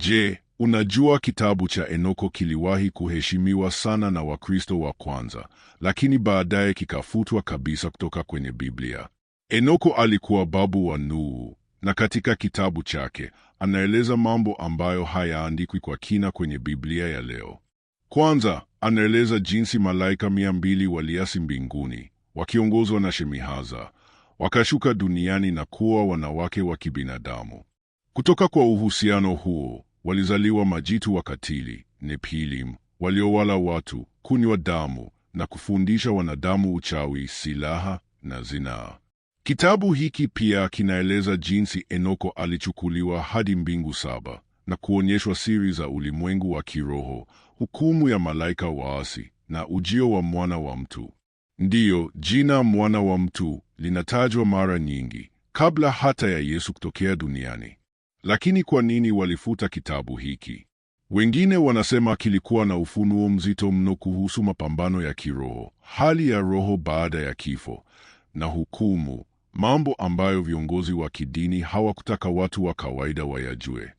Je, unajua kitabu cha Enoko kiliwahi kuheshimiwa sana na Wakristo wa kwanza, lakini baadaye kikafutwa kabisa kutoka kwenye Biblia. Enoko alikuwa babu wa Nuhu, na katika kitabu chake anaeleza mambo ambayo hayaandikwi kwa kina kwenye Biblia ya leo. Kwanza, anaeleza jinsi malaika mia mbili waliasi mbinguni wakiongozwa na Shemihaza, wakashuka duniani na kuwa wanawake wa kibinadamu. Kutoka kwa uhusiano huo Walizaliwa majitu wakatili, Nephilim, waliowala watu, kunywa damu na kufundisha wanadamu uchawi, silaha na zinaa. Kitabu hiki pia kinaeleza jinsi Enoko alichukuliwa hadi mbingu saba na kuonyeshwa siri za ulimwengu wa kiroho, hukumu ya malaika waasi na ujio wa mwana wa mtu. Ndiyo, jina mwana wa mtu linatajwa mara nyingi kabla hata ya Yesu kutokea duniani. Lakini kwa nini walifuta kitabu hiki? Wengine wanasema kilikuwa na ufunuo mzito mno kuhusu mapambano ya kiroho, hali ya roho baada ya kifo na hukumu, mambo ambayo viongozi wa kidini hawakutaka watu wa kawaida wayajue.